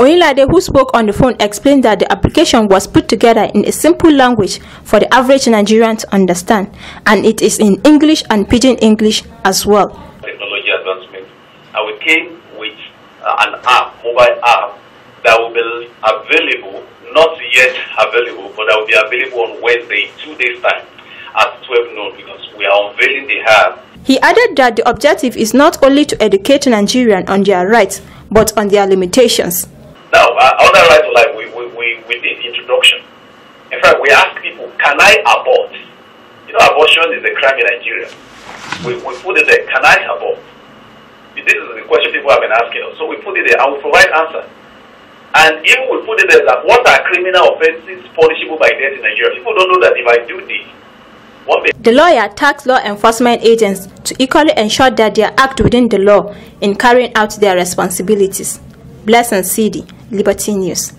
Oinlade, who spoke on the phone, explained that the application was put together in a simple language for the average Nigerian to understand, and it is in English and Pidgin English as well. Technology advancement. And we came with uh, an app, mobile app, that will be available, not yet available, but that will be available on Wednesday, two days' time, at 12 noon, because we are unveiling the app. He added that the objective is not only to educate Nigerians on their rights, but on their limitations. Now, uh, under right to life, we, we, we, we did introduction. In fact, we asked people, can I abort? You know, abortion is a crime in Nigeria. We, we put it there, can I abort? This is the question people have been asking us. So we put it there and we provide answer. And even we put it there that what are criminal offenses punishable by death in Nigeria? People don't know that if I do this, the lawyer tasked law enforcement agents to equally ensure that they act within the law in carrying out their responsibilities. Blessing CD, либо тенис.